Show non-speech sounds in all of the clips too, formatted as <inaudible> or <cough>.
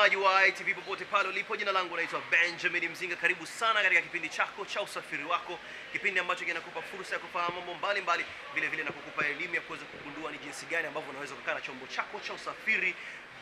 Mtazamaji wa ITV popote pale ulipo, jina langu naitwa Benjamin Mzinga. Karibu sana katika kipindi chako cha usafiri wako, kipindi ambacho kinakupa fursa ya kufahamu mambo mbalimbali, vile vile na kukupa elimu ya kuweza kugundua ni jinsi gani ambavyo unaweza kukaa na chombo chako cha usafiri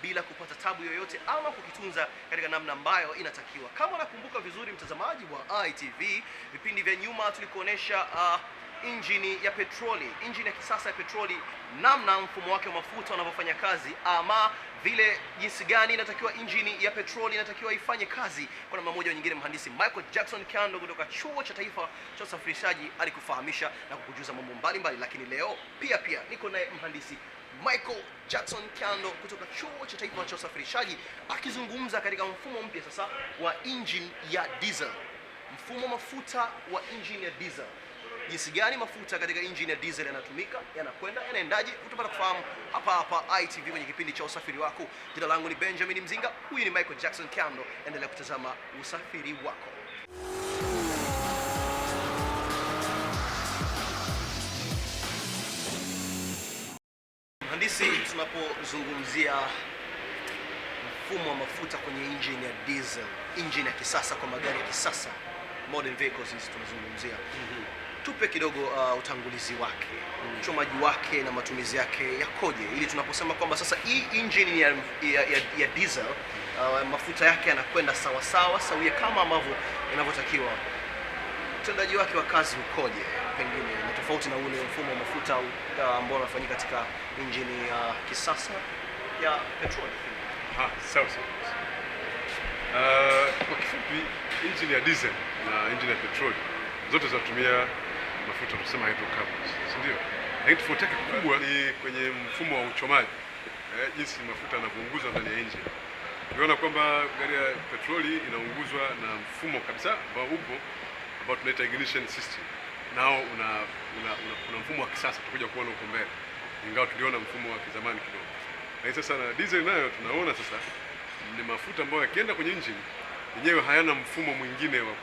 bila kupata tabu yoyote ama kukitunza katika namna ambayo inatakiwa. Kama unakumbuka vizuri, mtazamaji wa ITV, vipindi vya nyuma tulikuonesha uh, injini ya petroli, injini ya kisasa ya petroli, namna mfumo wake wa mafuta unavyofanya kazi, ama vile jinsi gani inatakiwa injini ya petroli inatakiwa ifanye kazi kwa namna moja nyingine. Mhandisi Michael Jackson Kyando kutoka Chuo cha Taifa cha Usafirishaji alikufahamisha na kukujuza mambo mbalimbali, lakini leo pia pia niko naye mhandisi Michael Jackson Kyando kutoka Chuo cha Taifa cha Usafirishaji akizungumza katika mfumo mpya sasa wa injini ya diesel, mfumo mafuta wa injini ya diesel jinsi gani mafuta katika injini ya diesel yanatumika, yanakwenda, yanaendaje, utapata kufahamu hapa hapa ITV kwenye kipindi cha usafiri wako. Jina langu ni Benjamin Mzinga, huyu ni Michael Jackson Kando. endelea kutazama usafiri wako. Mhandisi, tunapozungumzia mfumo wa mafuta kwenye injini ya diesel, injini ya kisasa kwa magari ya kisasa, modern vehicles, tunazungumzia mm -hmm tupe kidogo uh, utangulizi wake mm. uchomaji wake na matumizi yake yakoje, ili tunaposema kwamba sasa hii engine ya, ya, ya, ya diesel uh, mafuta yake yanakwenda sawa sawa sawia kama ambavyo inavyotakiwa, utendaji wake wa kazi ukoje, pengine na tofauti na ule mfumo wa mafuta uh, ambao uh, unafanyika katika injini ya uh, kisasa ya petroli. Ha, sawa sawa. Uh, kwa kifupi injini ya diesel na injini ya petroli zote zinatumia mafuta tusema hydrocarbons, si ndio? Lakini tofauti yake kubwa ni kwenye mfumo wa uchomaji eh, jinsi mafuta yanavyounguzwa ndani ya engine. Tunaona kwamba gari ya petroli inaunguzwa na mfumo kabisa ambao upo ambao tunaita ignition system, nao una una, una, una mfumo wa kisasa, tutakuja kuona huko mbele, ingawa tuliona mfumo wa kizamani kidogo. Lakini sasa na diesel nayo tunaona sasa ni mafuta ambayo yakienda kwenye engine yenyewe hayana mfumo mwingine wa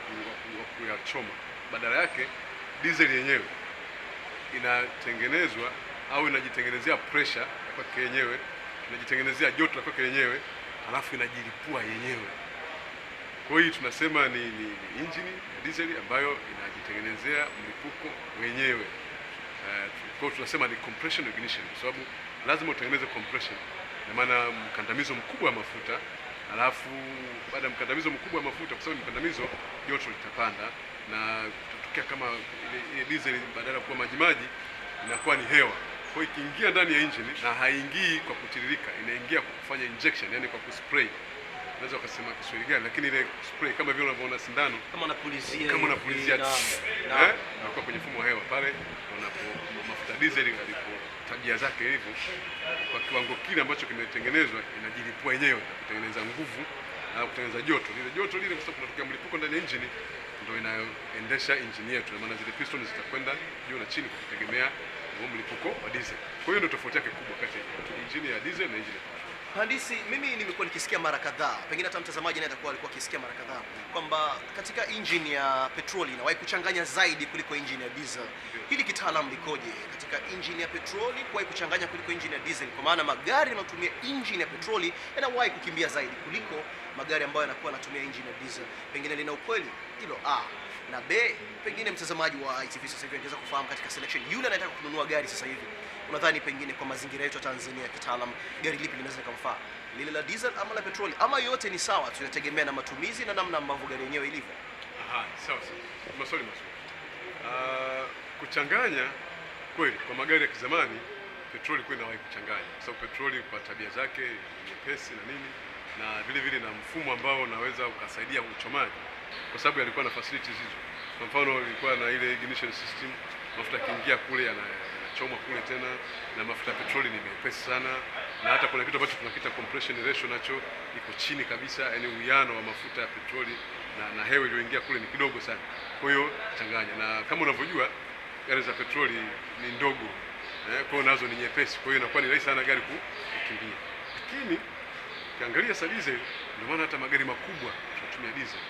kuyachoma, badala yake diesel yenyewe inatengenezwa au inajitengenezea pressure ya kwake yenyewe, inajitengenezea joto la kwake yenyewe, halafu inajilipua yenyewe. Kwa hiyo tunasema ni, ni, ni injini ya diesel ambayo inajitengenezea mlipuko wenyewe. Uh, kwa tunasema ni compression ignition, kwa sababu lazima utengeneze compression, na maana mkandamizo mkubwa wa mafuta halafu baada ya mkandamizo mkubwa wa mafuta, kwa sababu mkandamizo, joto litapanda na inabakia kama diesel badala ya kuwa majimaji inakuwa ni hewa. Kwa hiyo ikiingia ndani ya engine na haingii kwa kutiririka, inaingia kwa kufanya injection, yani kwa kuspray. Unaweza ukasema Kiswahili gani, lakini ile spray kama vile unavyoona sindano kama unapulizia kama unapulizia na, eh, inakuwa kwenye mfumo wa hewa pale unapo mafuta diesel ilipo tabia zake hivyo, kwa kiwango kile ambacho kimetengenezwa inajilipua yenyewe kutengeneza nguvu na kutengeneza joto lile joto lile, kwa sababu kunatokea mlipuko ndani ya engine ndio inayoendesha injini yetu, maana zile piston zitakwenda juu na chini kutegemea mlipuko wa diesel. Kwa hiyo ndio tofauti yake kubwa kati ya injini ya diesel na injini Mhandisi, mimi nimekuwa nikisikia mara kadhaa, pengine hata mtazamaji naye atakuwa alikuwa akisikia mara kadhaa kwamba katika injini ya petroli inawahi kuchanganya zaidi kuliko injini ya diesel. Hili kitaalamu likoje katika injini ya petroli kuwahi kuchanganya kuliko injini ya diesel? Kwa maana magari yanayotumia injini ya petroli yanawahi kukimbia zaidi kuliko magari ambayo yanakuwa yanatumia injini ya diesel. Pengine lina ukweli hilo A na B, pengine mtazamaji wa ITV sasa hivi anaweza kufahamu katika selection, yule anayetaka kununua gari sasa hivi unadhani pengine kwa mazingira yetu ya Tanzania ya kitaalam gari lipi linaweza kumfaa, lile la diesel ama la petroli ama yote ni sawa tu, na matumizi na namna ambavyo gari yenyewe ilivyo. Aha, sawa sawa, maswali mazuri. Uh, kuchanganya kweli kwa magari ya kizamani petroli kweli nawahi kuchanganya, kwa sababu petroli kwa tabia zake nyepesi na nini na vile vile na mfumo ambao unaweza ukasaidia uchomaji, kwa sababu yalikuwa na facilities hizo. Kwa mfano ilikuwa na ile ignition system, mafuta yakiingia kule yana yanachomwa kule tena, na mafuta ya petroli ni mepesi sana, na hata kuna kitu ambacho tunakita compression ratio nacho iko chini kabisa, yaani uwiano wa mafuta ya petroli na, na hewa iliyoingia kule ni kidogo sana. Kwa hiyo changanya, na kama unavyojua gari za petroli ni ndogo eh, kwa hiyo nazo ni nyepesi, kwa hiyo inakuwa ni rahisi sana gari kukimbia, lakini ukiangalia sa diesel, ndio maana hata magari makubwa tunatumia diesel,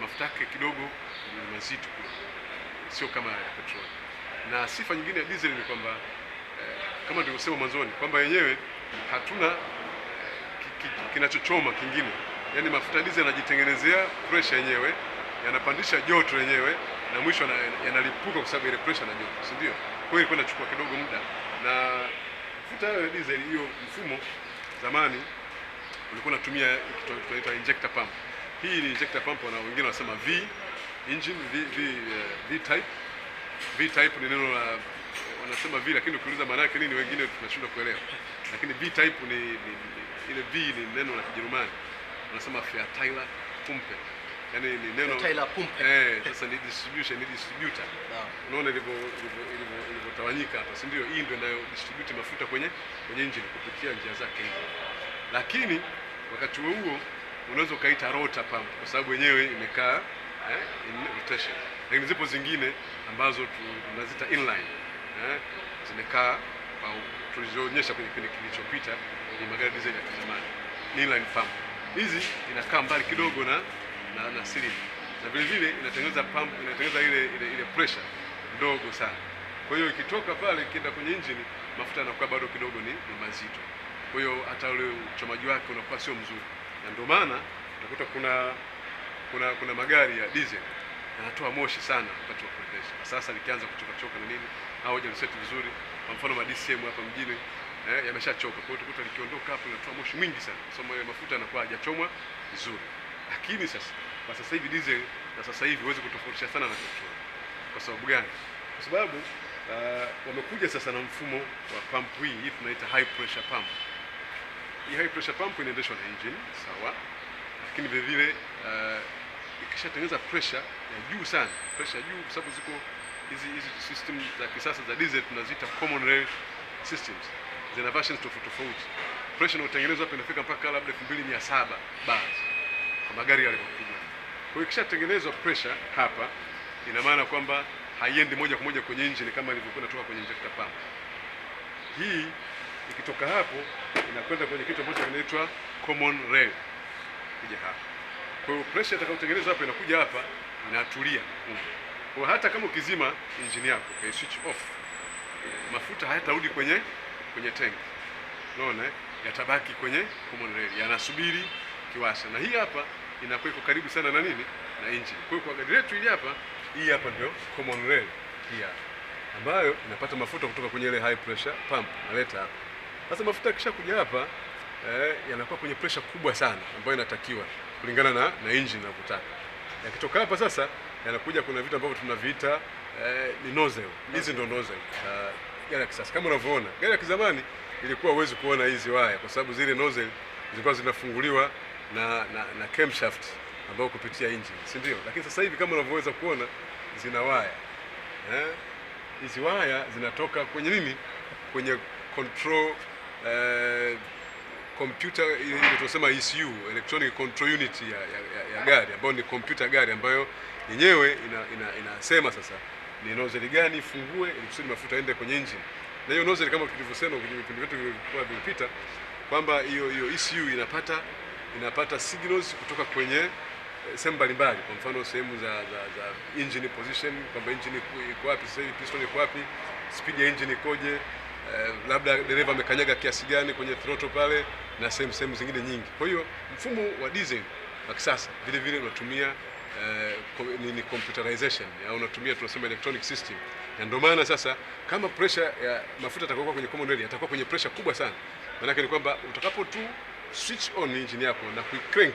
mafuta yake kidogo ni mazito, kule, sio kama ya petroli na sifa nyingine ya diesel ni kwamba eh, kama tulivyosema mwanzoni kwamba yenyewe hatuna eh, kinachochoma kingine, yaani mafuta diesel yanajitengenezea pressure yenyewe, yanapandisha joto yenyewe, na mwisho yanalipuka kwa sababu ile pressure na joto, si ndio? Kwa hiyo ilikuwa inachukua kidogo muda, na mafuta hayo ya diesel hiyo mfumo zamani ulikuwa unatumia tunaitwa injector pump. Hii ni injector pump, na wengine wanasema V engine V, V, uh, V type V type ni neno la wanasema V, lakini ukiuliza maana yake nini, wengine tunashindwa kuelewa, lakini V type ni, ni, ni ile V ni neno la Kijerumani wanasema Verteiler Pumpe, yani ni neno Verteiler Pumpe. Eh, sasa ni distribution, ni distributor. Unaona ilivyo ilivyo ilivyo ilivyotawanyika hapa, si ndio? Hii ndio inayo distribute mafuta kwenye kwenye engine kupitia njia zake hizo, lakini wakati huo huo unaweza ukaita rotor pump kwa sababu yenyewe imekaa eh, in rotation lakini zipo zingine ambazo tunazita inline eh, zimekaa au tulizoonyesha kwenye kipindi kilichopita ni magari diesel ya kizamani inline pump. Hizi inakaa mbali kidogo na na, na siliva na vile vile inatengeneza pump, inatengeneza ile, ile, ile pressure ndogo sana. Kwa hiyo ikitoka pale ikienda kwenye injini mafuta yanakuwa bado kidogo ni, ni mazito, kwa hiyo hata ule uchomaji wake unakuwa sio mzuri, na ndio maana utakuta kuna kuna kuna magari ya diesel anatoa moshi sana wakati wa kuendesha. Sasa nikianza kuchoka choka na nini, hawajaliseti vizuri. Kwa mfano ma DCM hapa mjini eh, yameshachoka, kwa hiyo tukuta likiondoka hapo linatoa moshi mwingi sana, kwa sababu mafuta yanakuwa hajachomwa vizuri. Lakini sasa kwa sasa hivi diesel na sasa hivi huwezi kutofautisha sana na petroli. Kwa sababu gani? Kwa sababu uh, wamekuja sasa na mfumo wa pump hii hii tunaita high pressure pump. Hii high pressure pump inaendeshwa na engine sawa, lakini vile vile uh, ikishatengeneza pressure ya juu sana, pressure juu, kwa sababu ziko hizi hizi system za kisasa za diesel tunaziita common rail systems, zina versions tofauti tofauti. Pressure inayotengenezwa hapa inafika mpaka labda 2700 bar kwa magari yale makubwa. Kwa hiyo kishatengenezwa pressure hapa, ina maana kwamba haiendi moja kwa moja kwenye engine kama ilivyokuwa inatoka kwenye injector pump. Hii ikitoka hapo inakwenda kwenye kitu ambacho kinaitwa common rail kuja hapa. Kwa hiyo pressure itakayotengenezwa hapa inakuja hapa inatulia mm. Kwa hata kama ukizima injini yako okay, switch off, mafuta hayatarudi kwenye kwenye tank, unaona eh? yatabaki kwenye common rail, yanasubiri kiwasha, na hii hapa inakuwa iko karibu sana na nini na injini. Kwa hiyo kwa gari letu hili hapa, hii hapa ndio common rail hii ambayo inapata mafuta kutoka kwenye ile high pressure pump naleta hapa. Sasa mafuta kisha kuja hapa eh, yanakuwa kwenye pressure kubwa sana ambayo inatakiwa kulingana na na engine inavyotaka. Yakitoka eh, hapa sasa yanakuja, kuna vitu ambavyo tunaviita eh, ni nozzle. Hizi ndo nozzle eh, gari ya kisasa. Kama unavyoona gari ya kizamani ilikuwa huwezi kuona hizi waya, kwa sababu zile nozzle zilikuwa zinafunguliwa na na, na camshaft ambayo kupitia engine, si ndio? Lakini sasa hivi kama unavyoweza kuona zina waya eh, hizi waya zinatoka kwenye nini, kwenye control eh, kompyuta ile tunasema ECU electronic control unit ya, ya, ya ya gari ambayo ni kompyuta gari ambayo yenyewe inasema ina, ina sasa ni nozzle gani ifungue ili kusudi mafuta aende kwenye engine. Na hiyo nozzle kama tulivyosema kwenye vipindi vyetu vilivyokuwa vimepita kwamba hiyo hiyo ECU inapata inapata signals kutoka kwenye eh, sehemu mbalimbali, kwa mfano sehemu za, za, za engine position kwamba engine iko wapi sasa hivi, piston iko wapi, speed ya engine ikoje, uh, labda dereva amekanyaga kiasi gani kwenye throttle pale na sehemu sehemu zingine nyingi. Kwa hiyo mfumo wa diesel wa kisasa vile vile unatumia uh, eh, ni, ni computerization au unatumia tunasema electronic system, na ndio maana sasa kama pressure ya mafuta atakayokuwa kwenye common rail atakuwa kwenye pressure kubwa sana, maanake ni kwamba utakapo tu switch on engine yako na kuicrank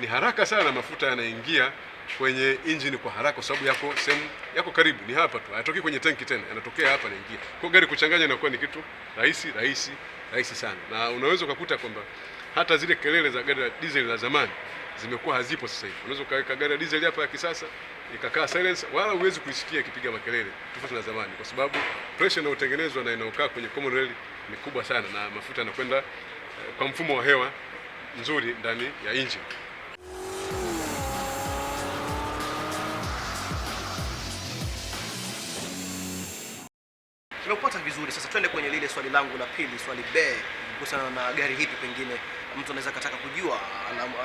ni haraka sana mafuta yanaingia kwenye engine kwa haraka, kwa sababu yako sehemu yako karibu, ni hapa tu, hayatoki kwenye tanki tena, yanatokea hapa naingia. Kwa gari kuchanganya inakuwa ni kitu rahisi rahisi rahisi sana, na unaweza ukakuta kwamba hata zile kelele za gari la diesel la zamani zimekuwa hazipo sasa hivi. Unaweza ukaweka gari la diesel hapa ya kisasa ikakaa silence, wala huwezi kuisikia ikipiga makelele tofauti na zamani, kwa sababu pressure inayotengenezwa na inaokaa kwenye common rail ni kubwa sana, na mafuta yanakwenda eh, kwa mfumo wa hewa nzuri ndani ya engine. tumepata vizuri. Sasa twende kwenye lile swali langu la pili, swali B, kuhusiana na gari hipi, pengine mtu anaweza kataka kujua,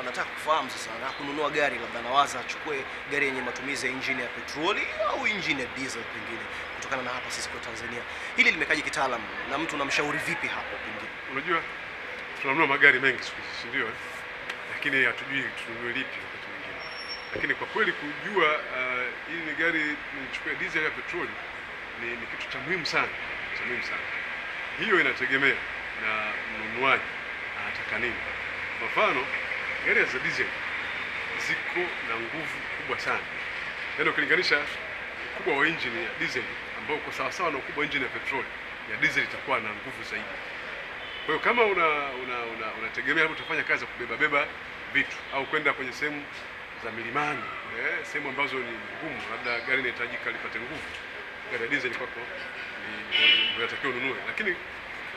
anataka kufahamu sasa, na kununua gari labda anawaza achukue gari yenye matumizi ya injini ya petroli au injini ya diesel, pengine kutokana na hapa sisi kwa Tanzania, hili limekaje kitaalamu na mtu namshauri vipi hapo? Pengine unajua tunanunua magari mengi siku hizi, ndio Lakini hatujui tununue lipi wakati mwingine, lakini kwa kweli kujua uh, hili ni gari nichukue diesel ya petroli ni, ni kitu cha muhimu sana cha muhimu sana. Hiyo inategemea na mnunuaji anataka nini. Kwa mfano gari za diesel ziko na nguvu kubwa sana, yaani ukilinganisha ukubwa wa engine ya diesel ambao uko sawasawa na ukubwa wa injini ya petroli, ya diesel itakuwa na nguvu zaidi. Kwa hiyo kama una unategemea una, una utafanya kazi ya kubeba beba vitu au kwenda kwenye sehemu za milimani eh, sehemu ambazo ni ngumu, labda gari inahitajika lipate nguvu gari ya diesel kwako unatakiwa ununue, lakini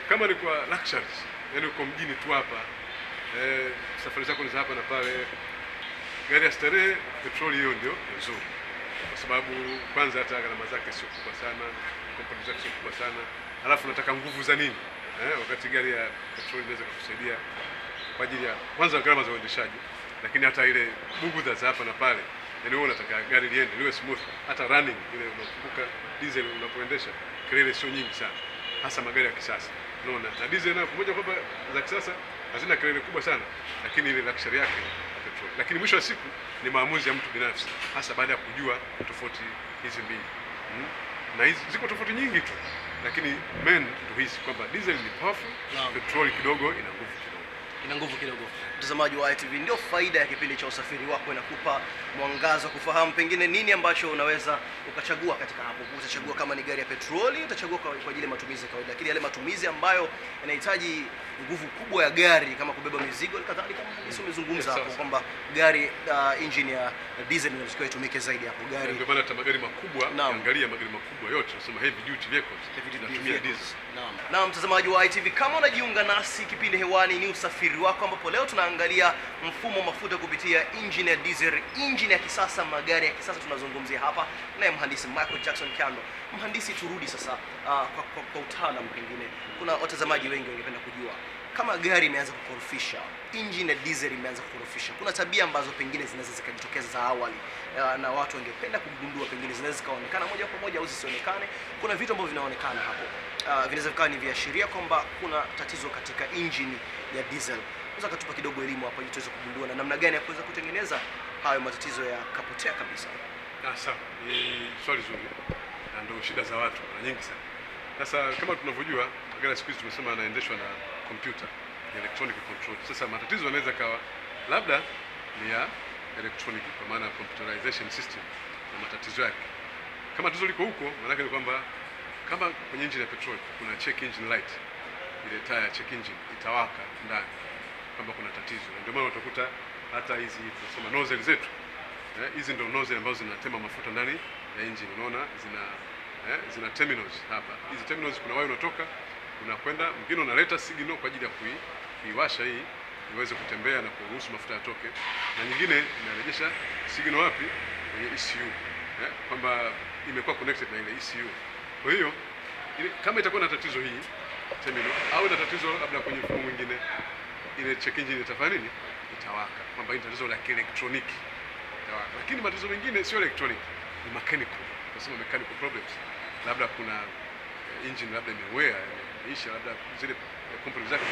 kama ni kwa luxury, yani uko mjini tu hapa eh, safari zako ni za hapa na pale, gari ya starehe, petroli hiyo ndio nzuri, kwa sababu kwanza hata gharama zake sio kubwa sana, komponenti zake sio kubwa sana, alafu unataka nguvu za nini eh, wakati gari ya petroli inaweza kukusaidia kwa ajili ya kwanza gharama za uendeshaji, lakini hata ile bugudha za hapa na pale, yani wewe unataka gari liende liwe smooth, hata running ile unakumbuka diesel unapoendesha kelele sio nyingi sana, hasa magari ya kisasa. Unaona, na diesel nayo pamoja kwamba za kisasa hazina kelele kubwa sana, lakini ile luxury yake petrol. Lakini mwisho wa siku ni maamuzi ya mtu binafsi, hasa baada ya kujua tofauti hizi mbili hmm? na hizi ziko tofauti nyingi tu, lakini men ndo hizi kwamba diesel ni powerful, petrol kidogo ina nguvu ina nguvu kidogo. Mtazamaji wa ITV, ndio faida ya kipindi cha usafiri wako, inakupa mwangazo kufahamu pengine nini ambacho unaweza ukachagua katika hapo. Utachagua kama ni gari ya petroli, utachagua kwa ajili ya matumizi ya kawaida, lakini yale matumizi ambayo yanahitaji nguvu kubwa ya gari kama kubeba mizigo na kadhalika, sisi umezungumza hapo kwamba gari uh, engine ya diesel inatakiwa itumike zaidi hapo. Gari ndio maana hata magari makubwa, angalia magari makubwa yote tunasema heavy duty vehicles heavy duty vehicles. Naam, naam, mtazamaji wa ITV, kama unajiunga nasi, kipindi hewani ni usafiri ukweli wako, ambapo leo tunaangalia mfumo wa mafuta kupitia engine ya diesel, engine ya kisasa, magari ya kisasa tunazungumzia hapa, naye mhandisi Michael Jackson Kyando. Mhandisi, turudi sasa uh, kwa, kwa, kwa utaalam, pengine kuna watazamaji wengi wangependa kujua kama gari imeanza kukorofisha, engine ya diesel imeanza kukorofisha, kuna tabia ambazo pengine zinaweza zikajitokeza za awali ah, na watu wangependa kugundua, pengine zinaweza zikaonekana moja kwa moja au zisionekane. Kuna vitu ambavyo vinaonekana hapo, uh, vinaweza vikawa ni viashiria kwamba kuna tatizo katika engine ya diesel. Unaweza kutupa kidogo elimu hapa ili tuweze kugundua na namna gani ya kuweza kutengeneza hayo matatizo ya kapotea kabisa. Ah, Sasa ni swali zuri na ndio shida za watu na nyingi sana. Sasa kama tunavyojua magari siku hizi tumesema yanaendeshwa na kompyuta, electronic control. Sasa matatizo yanaweza kawa labda ni ya electronic kwa maana computerization system na matatizo yake. Kama tatizo liko huko, maana yake ni kwamba kama kwenye engine ya petroli kuna check engine light ile taa ya check engine itawaka ndani kwamba kuna tatizo, ndio maana utakuta hata hizi tunasema nozzle zetu eh, hizi eh, ndio nozzle ambazo zinatema mafuta ndani ya engine. Unaona zina eh, zina terminals hapa. Hizi terminals kuna waya unatoka unakwenda, mwingine unaleta signal kwa ajili ya kui, kuiwasha hii iweze kutembea na kuruhusu mafuta yatoke, na nyingine inarejesha signal wapi, kwenye ECU eh, kwamba imekuwa connected na ile ECU. Kwa hiyo kama itakuwa na tatizo hii terminal au na tatizo labda kwenye mfumo mwingine, ile check engine itafanya nini? Itawaka, kwamba ni tatizo la kielektroniki itawaka. Lakini matatizo mengine sio electronic, ni mechanical, tunasema mechanical problems, labda kuna eh, engine labda imewea imeisha, labda zile eh, components zake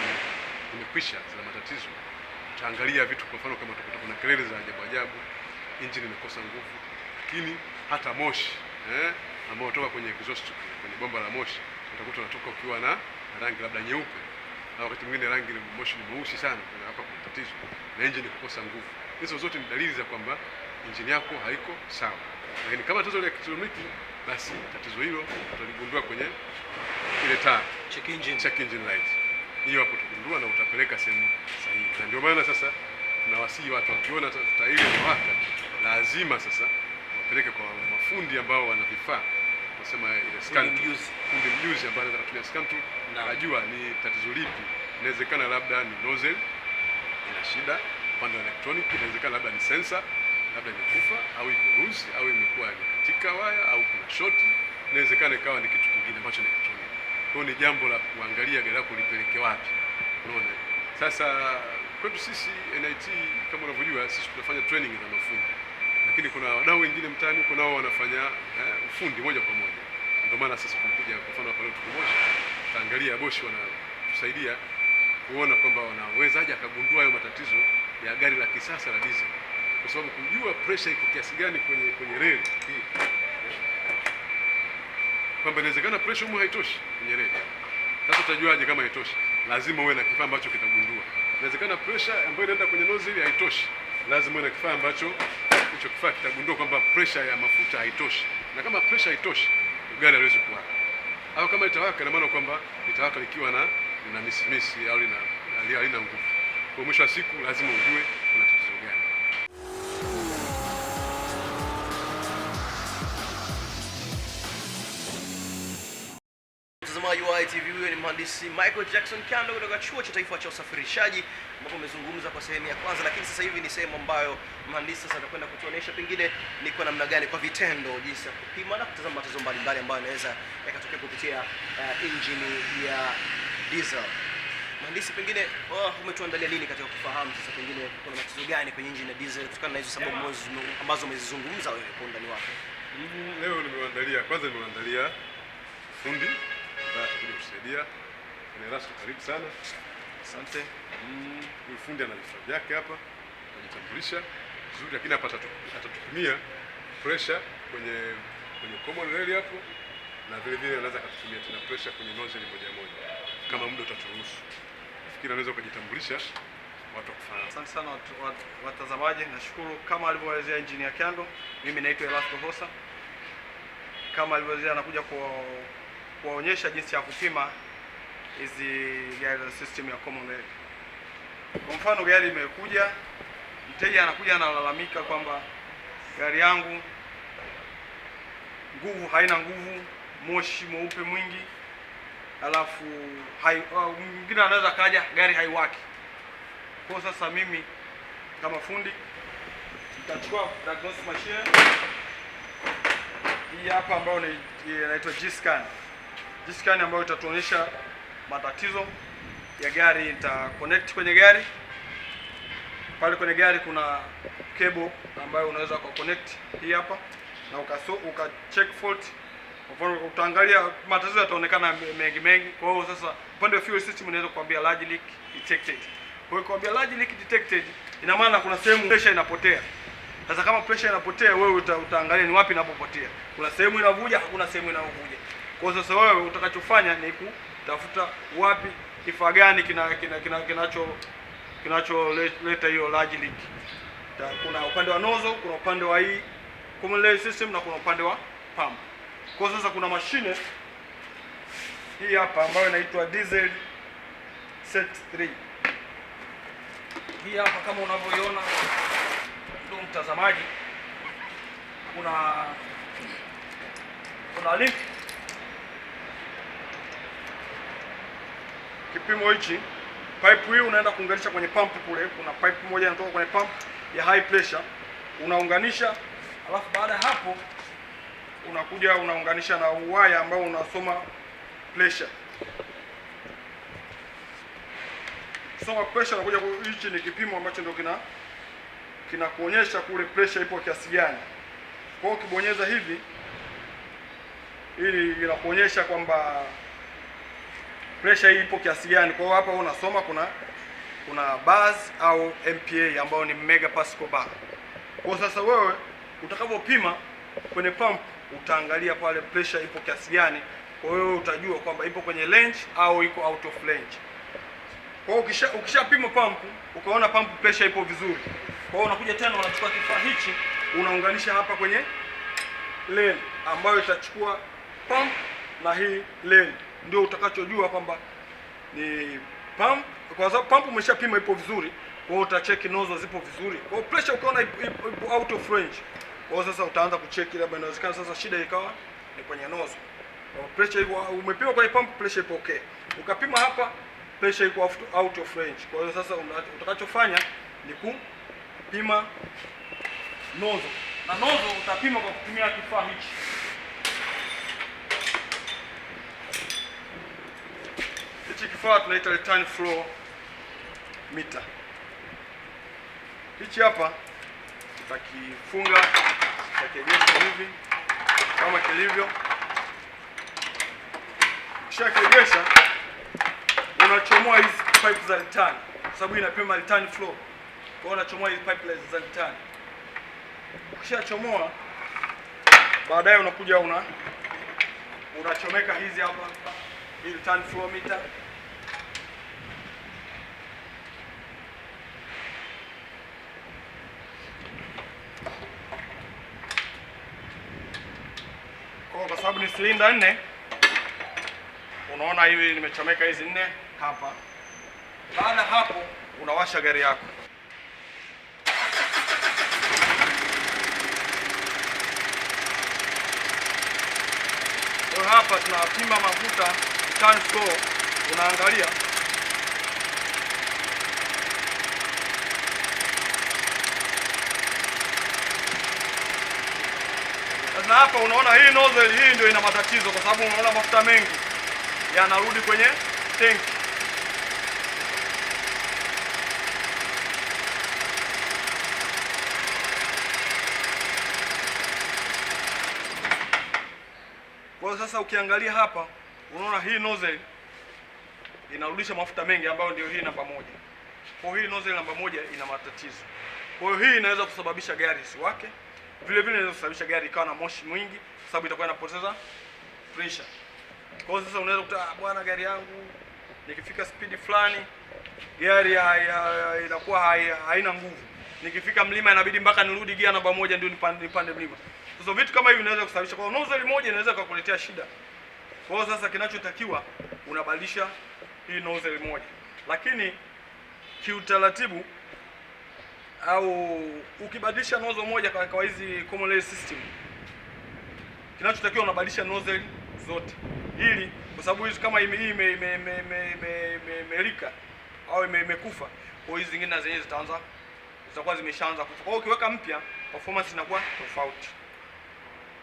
zimekwisha, zina matatizo. Utaangalia vitu, kwa mfano kama tukuta kuna kelele za ajabu ajabu, engine imekosa nguvu, lakini hata moshi eh ambao hutoka kwenye exhaust kwenye bomba la moshi, utakuta unatoka ukiwa na rangi labda nyeupe, au wakati mwingine rangi ya moshi ni mweusi sana, na hapa kuna tatizo na engine kukosa nguvu. Hizo zote ni dalili za kwamba engine yako haiko sawa, lakini kama tatizo la elektroniki, basi tatizo hilo utaligundua kwenye ile taa check engine, check engine light hiyo hapo utagundua na utapeleka sehemu sahihi, na ndio maana sasa tunawasihi watu wakiona tairi inawaka lazima sasa kupeleka kwa mafundi ambao wana vifaa tunasema ile scan fundi mjuzi ambaye anaweza kutumia scan tu na ajua ni tatizo lipi. Inawezekana labda ni nozzle ina shida upande wa electronic, inawezekana labda ni sensor labda imekufa au iko loose au imekuwa katika waya au kuna short, inawezekana ikawa ni kitu kingine ambacho ni electronic. Kwa ni jambo la kuangalia gari lako lipeleke wapi, unaona. Sasa kwetu sisi NIT, kama unavyojua, sisi tunafanya training za mafundi lakini kuna wadau wengine mtaani huko nao wanafanya eh, ufundi moja kwa moja. Ndio maana sasa tumekuja kwa mfano pale leo tuko Moshi, tutaangalia Bosch wanatusaidia kuona kwamba wanawezaje akagundua hayo matatizo ya gari la kisasa la diesel, kwa sababu kujua pressure iko kiasi gani kwenye kwenye reli hii, kwamba inawezekana pressure huko haitoshi kwenye reli. Sasa utajuaje kama haitoshi? Lazima uwe na kifaa ambacho kitagundua. Inawezekana pressure ambayo inaenda kwenye nozzle haitoshi, lazima uwe na kifaa ambacho hicho kifaa kitagundua kwamba pressure ya mafuta haitoshi, na kama pressure haitoshi gari haliwezi kuwaka, au kama itawaka, ina maana kwamba itawaka likiwa na lina misimisi au lina halina nguvu. Kwa mwisho wa siku lazima ujue kuna mhandisi Michael Jackson Kando kutoka Chuo cha Taifa cha Usafirishaji, ambapo umezungumza kwa sehemu ya kwanza, lakini sasa hivi ni sehemu ambayo mhandisi sasa atakwenda kutuonesha pengine ni kwa namna gani, kwa vitendo, jinsi ya kupima na kutazama matatizo mbalimbali ambayo yanaweza yakatokea kupitia uh, injini ya diesel. Mhandisi, pengine oh, umetuandalia nini katika kufahamu sasa pengine kuna matatizo gani kwenye injini ya diesel kutokana na hizo sababu ambazo umezizungumza wewe kwa undani wako? Mm, leo nimeandalia kwanza, nimeandalia fundi kutusaidia. Erasto, karibu sana. Asante. Mm, huyu fundi ana vifaa vyake hapa, anajitambulisha vizuri, lakini hapa atatutumia pressure kwenye kwenye common rail hapo, na vile vile anaweza akatutumia tena pressure kwenye nozzle moja moja kama muda utaturuhusu. Nafikiri anaweza kujitambulisha watu kufahamu. Asante sana watazamaji, nashukuru. Kama alivyoelezea engineer Kyando, mimi naitwa Erasto Hosa, kama alivyoelezea anakuja kwa kuwaonyesha jinsi ya kupima hizi gari za system ya rail. Kwa mfano gari imekuja, mteja anakuja analalamika kwamba gari yangu nguvu haina nguvu, moshi mweupe mwingi, alafu hai, uh, mwingine anaweza kaja gari haiwaki. Kwa sasa mimi kama fundi nitachukua diagnostic machine hii hapa ambayo inaitwa G-scan diskani ambayo itatuonyesha matatizo ya gari, ita connect kwenye gari pale. Kwenye gari kuna cable ambayo unaweza ku connect hii hapa na ukaso, uka check fault. Kwa mfano utaangalia matatizo yataonekana mengi mengi. Kwa hiyo sasa, upande wa fuel system inaweza kuambia large leak detected. Kwa hiyo kuambia large leak detected ina maana kuna sehemu pressure inapotea. Sasa kama pressure inapotea, wewe uta, utaangalia ni wapi inapopotea. Kuna sehemu inavuja, hakuna sehemu inayovuja. Kwa sasa wewe utakachofanya ni kutafuta wapi kifaa gani kina, kina, kina, kinacho kinacholeta hiyo large leak. Ta, Kuna upande wa nozo, kuna upande wa hii common system na kuna upande wa pump. Kwa sasa kuna mashine hii hapa ambayo inaitwa diesel set 3. Hii hapa kama unavyoiona, ndio mtazamaji, kuna kuna link kipimo hichi, pipe hii unaenda kuunganisha kwenye pump kule. Kuna pipe moja inatoka kwenye pump ya high pressure unaunganisha, alafu baada ya hapo unakuja unaunganisha na waya ambao unasoma pressure. Soma pressure unakuja, hichi ni kipimo ambacho ndio kina kinakuonyesha kule pressure ipo kiasi gani. Kwa hiyo ukibonyeza hivi, ili inakuonyesha kwamba pressure hii ipo kiasi gani. Kwa hiyo hapa unasoma kuna kuna bars au MPa ambayo ni mega pascal bar. Kwa sasa wewe utakapopima kwenye pump utaangalia pale pressure ipo kiasi gani, kwa hiyo utajua kwamba ipo kwenye range au iko out of range. Kwa hiyo ukisha ukishapima pump ukaona pump pressure ipo vizuri, kwa hiyo unakuja tena unachukua kifaa hichi unaunganisha hapa kwenye lane ambayo itachukua pump na hii lane ndio utakachojua kwamba ni pump, kwa sababu pump umeshapima ipo vizuri, kwa hiyo utacheki nozo zipo vizuri, kwa pressure ukiona ipo out of range, kwa sasa utaanza kucheki, labda inawezekana sasa shida ikawa ni kwenye nozo. Kwa pressure iko umepima kwa pump, pressure ipo okay, ukapima hapa pressure iko out of range. Kwa hiyo sasa utakachofanya ni kupima nozo, na nozo utapima kwa kutumia kifaa hichi. Hichi kifaa tunaita return flow meter. Hichi hapa tutakifunga, tutakiegeza hivi kama kilivyo. Ukishakiegesha unachomoa hizi pipe za return, kwa sababu inapima return flow, kwa hiyo unachomoa hizi pipe za return. Ukishachomoa baadaye unakuja una unachomeka hizi hapa, hii return flow meter silinda nne. Unaona hivi nimechomeka hizi nne hapa. Baada hapo, unawasha gari yako. Hapa tunapima mafuta, unaangalia na hapa unaona hii nozzle hii ndio ina matatizo, kwa sababu unaona mafuta mengi yanarudi kwenye tenki. Kwa hiyo sasa ukiangalia hapa unaona hii nozzle inarudisha mafuta mengi ambayo ndio hii namba moja. Kwa hiyo hii nozzle namba moja ina matatizo. Kwa hiyo hii inaweza kusababisha gari isiwake. Vile vile inaweza kusababisha gari ikawa na moshi mwingi, kwa sababu itakuwa inapoteza pressure. Kwa hiyo sasa unaweza kuta ah, bwana, gari yangu nikifika speed fulani gari inakuwa haina nguvu, nikifika mlima inabidi mpaka nirudi gia namba moja ndio nipande, nipande mlima. Sasa vitu kama hivi vinaweza kusababisha kwa nozzle moja inaweza kukuletea shida. Kwa hiyo sasa kinachotakiwa unabadilisha hii nozzle moja, lakini kiutaratibu au ukibadilisha nozo moja kwa kwa hizi common rail system, kinachotakiwa unabadilisha nozzle zote, ili kwa sababu hizi kama hii ime au imekufa, kwa hizi zingine na zenyewe zitaanza zitakuwa zimeshaanza kufa. Kwa hiyo ukiweka mpya performance inakuwa tofauti.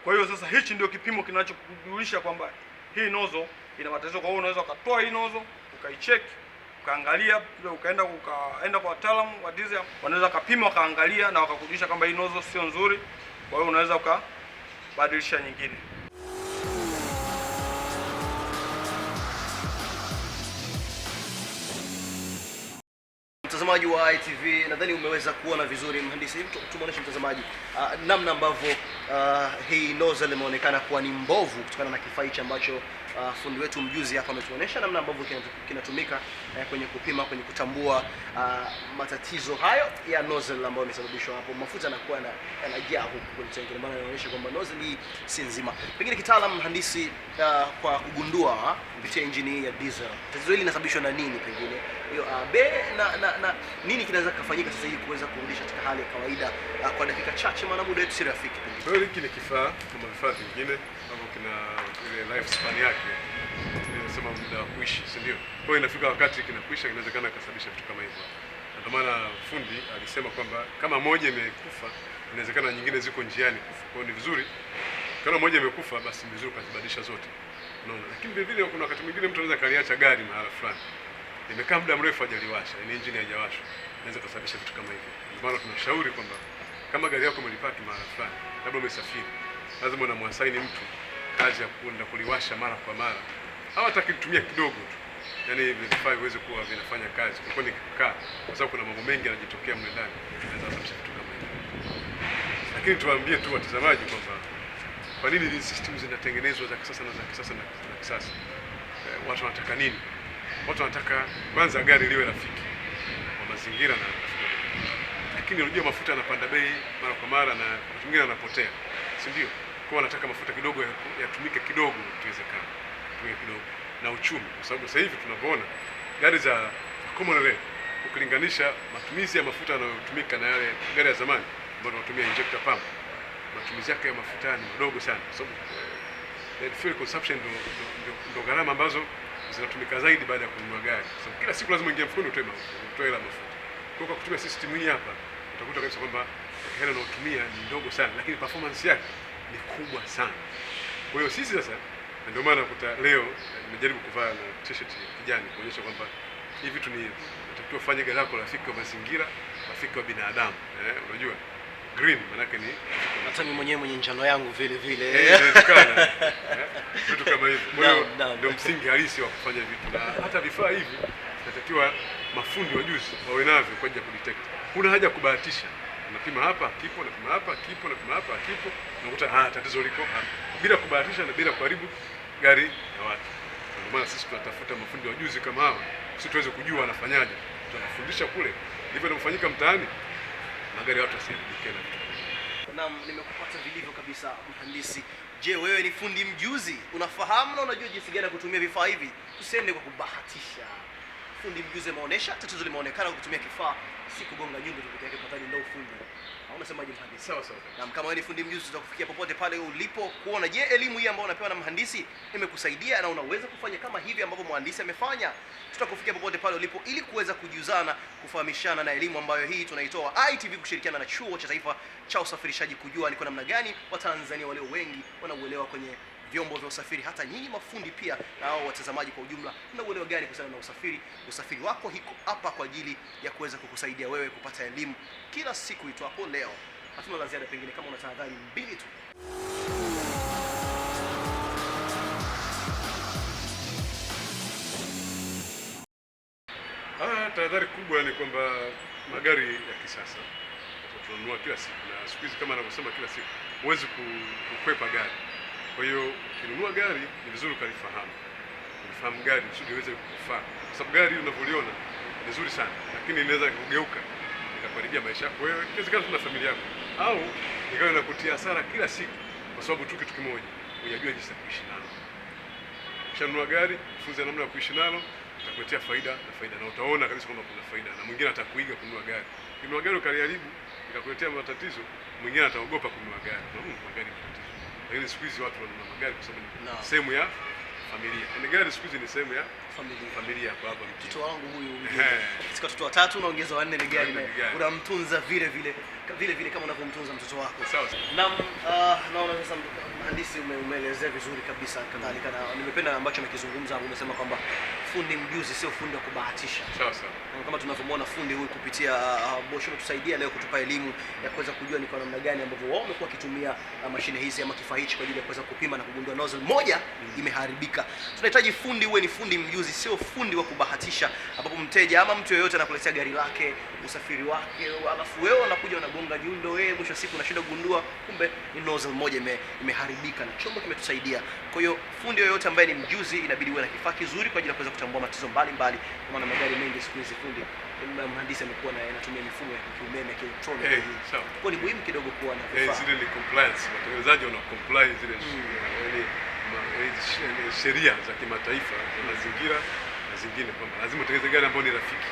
Kwa hiyo sasa, hichi ndio kipimo kinachokujulisha kwamba hii nozo ina matatizo. Kwa hiyo unaweza ukatoa hii nozo ukaicheki ukaangalia ukaenda ukaenda kwa wataalamu wa diesel, wanaweza kapima wakaangalia na wakakujulisha kwamba hii nozo sio nzuri, kwa hiyo unaweza ukabadilisha nyingine. Mtazamaji wa ITV, nadhani umeweza kuona vizuri mhandisi, tumuoneshe mtazamaji uh, namna ambavyo uh, hii nozzle imeonekana kuwa ni mbovu kutokana na kifaa hichi ambacho uh, fundi wetu mjuzi hapa ametuonesha namna ambavyo kinatumika eh, kwenye kupima, kwenye kutambua uh, matatizo hayo ya nozzle ambayo imesababishwa hapo, mafuta yanakuwa yanajaa huko kwenye tanki, maana inaonyesha kwamba nozzle hii si nzima. Pengine kitaalamu, mhandisi, uh, kwa kugundua kupitia uh, injini ya diesel, tatizo hili linasababishwa na nini? Pengine hiyo uh, be na, na, na nini kinaweza kufanyika sasa hivi kuweza kurudisha katika hali ya kawaida uh, kwa dakika chache, maana muda wetu si rafiki. Pengine hiki ni kifaa kama vifaa vingine ambavyo kina lifespan yake inasema muda wa kuishi, si ndio? Kwa hiyo inafika wakati kinakuisha, inawezekana kasababisha vitu kama hivyo. Ndio maana fundi alisema kwamba kama moja imekufa inawezekana nyingine ziko njiani kufa. Kwa hiyo ni vizuri kama moja imekufa, basi ni vizuri kuzibadilisha zote, unaona. Lakini vile vile kuna wakati mwingine mtu anaweza kaliacha gari mahala fulani imekaa muda mrefu hajaliwasha, ni yaani injini haijawashwa, inaweza kusababisha vitu kama hivyo. Ndio maana tunashauri kwamba kama gari yako umelipaki mahala fulani, labda umesafiri, lazima unamwasaini mtu kazi ya kwenda kuliwasha mara kwa mara, au hata kutumia kidogo tu, yani vifaa viweze kuwa vinafanya kazi kuliko nikikaa, kwa sababu kuna mambo mengi yanajitokea mle ndani, naweza kusababisha kitu kama hicho. Lakini tuambie tu watazamaji kwamba kwa nini hizi system zinatengenezwa za kisasa na za kisasa na za kisasa, eh, watu wanataka nini? Watu wanataka kwanza gari liwe rafiki kwa mazingira na lakini unajua mafuta yanapanda bei mara kwa mara na wakati mwingine anapotea, si ndio? kwa wanataka mafuta kidogo yatumike ya kidogo tuwezekana tumike kidogo na uchumi, kwa sababu sasa hivi tunavyoona gari za common rail ukilinganisha matumizi ya mafuta yanayotumika na yale gari ya zamani ambayo tunatumia injector pump, matumizi yake ya mafuta ni madogo sana, kwa sababu fuel consumption ndo, ndo, ndo, ndo gharama ambazo zinatumika zaidi baada ya kununua gari, kwa sababu kila siku lazima ingie mfukoni utoe utoe hela mafuta. Kwa kwa kutumia system hii hapa utakuta kabisa kwamba hela unayotumia ni ndogo sana, lakini performance yake ni kubwa sana. Kwa hiyo sisi sasa, ndio maana kuta leo eh, nimejaribu kuvaa na t-shirt kijani kuonyesha kwamba hivi vitu ni natakiwa kufanya gari rafiki wa mazingira, rafiki wa binadamu. Eh, unajua green manake ni hata mimi mwenyewe mwenye njano yangu vile vile eh, inawezekana <laughs> eh, vitu kama hivyo. Kwa hiyo ndio msingi halisi wa kufanya vitu, na hata vifaa hivi natakiwa mafundi wajuzi wawe navyo kwa ajili ya kudetect. Kuna haja kubahatisha unapima hapa kipo, napima hapa kipo, napima hapa kipo, unakuta ah, tatizo liko hapa, bila kubahatisha na bila kuharibu gari ya watu. Ndio maana sisi tunatafuta mafundi juzi kama hawa, sisi tuweze kujua wanafanyaje. tunafundisha kule ndivyo inavyofanyika mtaani, magari ya watu yasiharibike. Na nimekupata vilivyo kabisa mhandisi. Je, wewe ni fundi mjuzi, unafahamu na unajua jinsi gani ya kutumia vifaa hivi? Usiende kwa kubahatisha fundi mjuze maonesha tatizo limeonekana kutumia kifaa, si kugonga nyundo tu pekee yake. Padhani ndio ufundi au unasemaje mhandisi? Sawa sawa. Na kama wewe ni fundi mjuzi, tutakufikia popote pale ulipo kuona, je, elimu hii ambayo unapewa na mhandisi imekusaidia na unaweza kufanya kama hivi ambavyo mhandisi amefanya? Tutakufikia popote pale ulipo ili kuweza kujuzana, kufahamishana na elimu ambayo hii tunaitoa ITV kushirikiana na Chuo cha Taifa cha Usafirishaji, kujua ni kwa namna gani Watanzania walio wengi wanauelewa kwenye vyombo vya usafiri, hata nyinyi mafundi pia na hao watazamaji kwa ujumla, na uelewa gani kuhusiana na usafiri? Usafiri wako hiko hapa kwa ajili ya kuweza kukusaidia wewe kupata elimu kila siku itwapo leo. Hatuna la ziada, pengine kama una tahadhari mbili tu. Ah, tahadhari kubwa ni kwamba magari ya kisasa tunanunua kila siku, na siku hizi kama anavyosema kila siku huwezi kukwepa gari kwa hiyo ukinunua gari ni vizuri ukalifahamu, ulifahamu gari kusudi uweze kufaa, kwa sababu gari unavyoliona ni nzuri sana, lakini inaweza kugeuka ikakuharibia maisha yako wewe, ikiwezekana tuna familia yako, au ikawa inakutia hasara kila siku, kwa sababu tu kitu kimoja, unajua jinsi ya kuishi nalo. Ukishanunua gari, funza namna ya kuishi nalo, itakuletea faida na faida, na utaona kabisa kwamba kuna faida, na mwingine atakuiga kununua gari. Kununua gari ukaliharibu, ikakuletea matatizo, mwingine ataogopa kununua gari, na Mungu magari matatizo lakini siku hizi watu wanunua magari kwa sababu ni sehemu ya familia, ni yaani gari siku hizi ni sehemu ya familia. Familia hapo hapo. Mtoto wangu huyu katika watoto watatu na ongeza wanne ni gani? Unamtunza vile vile vile vile kama unavyomtunza mtoto wako. Sawa. Na ah, naona sasa mhandisi umeelezea vizuri kabisa kadhalika, na nimependa ambacho amekizungumza hapo, umesema kwamba fundi mjuzi sio fundi wa kubahatisha. Sawa sawa. Kama tunavyomwona fundi huyu kupitia ah, Bosho umetusaidia leo kutupa elimu ya kuweza kujua ni kwa namna gani ambavyo wao wamekuwa wakitumia ah, mashine hizi ama kifaa hichi kwa ajili ya kuweza kupima na kugundua nozzle moja mm. imeharibika. Tunahitaji fundi uwe ni fundi mjuzi ujuzi, sio fundi wa kubahatisha, ambapo mteja ama mtu yeyote anakuletea gari lake, usafiri wake, alafu wewe unakuja unagonga nyundo wewe, mwisho siku unashinda kugundua kumbe ni nozzle moja ime, imeharibika na chombo kimetusaidia. Kwa hiyo fundi yeyote ambaye ni mjuzi inabidi uwe na kifaa kizuri kwa ajili ya kuweza kutambua matatizo mbalimbali, kwa maana magari mengi siku hizi fundi eh, mhandisi amekuwa na anatumia mifumo ya kiumeme ya kielektroniki. Hey, so, kwa ni muhimu kidogo kuwa na vifaa. Hey, zile ni compliance, Watengenezaji wana comply zile. Mm. Yeah, yeah. Eh, sheria za kimataifa za mazingira na zingine, kwamba lazima utengeneze gari ambayo ni rafiki.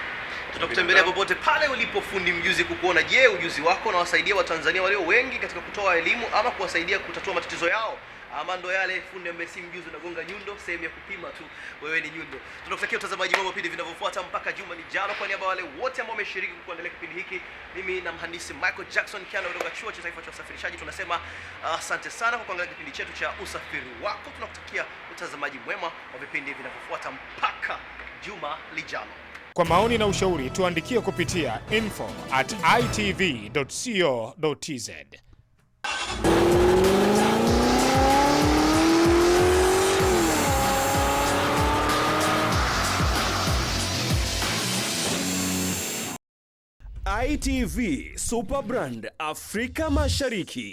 Tutakutembelea popote pale ulipo fundi mjuzi, kukuona je, ujuzi wako unawasaidia Watanzania walio wengi katika kutoa elimu ama kuwasaidia kutatua matatizo yao. Amando yale fundi ambaye si mjuzi unagonga nyundo, sehemu ya kupima tu wewe ni nyundo. Tunakutakia utazamaji mwema vipindi vinavyofuata mpaka juma lijalo. Kwa niaba wale wote ambao wameshiriki kuendelea kipindi hiki, mimi na mhandisi Michael Jackson Kiana kutoka Chuo cha Taifa cha Usafirishaji tunasema uh, asante uh, sana kwa kuangalia kipindi chetu cha usafiri wako. Tunakutakia utazamaji mwema wa vipindi vinavyofuata mpaka juma lijalo. Kwa maoni na ushauri tuandikie kupitia info at itv.co.tz. ITV Superbrand Afrika Mashariki.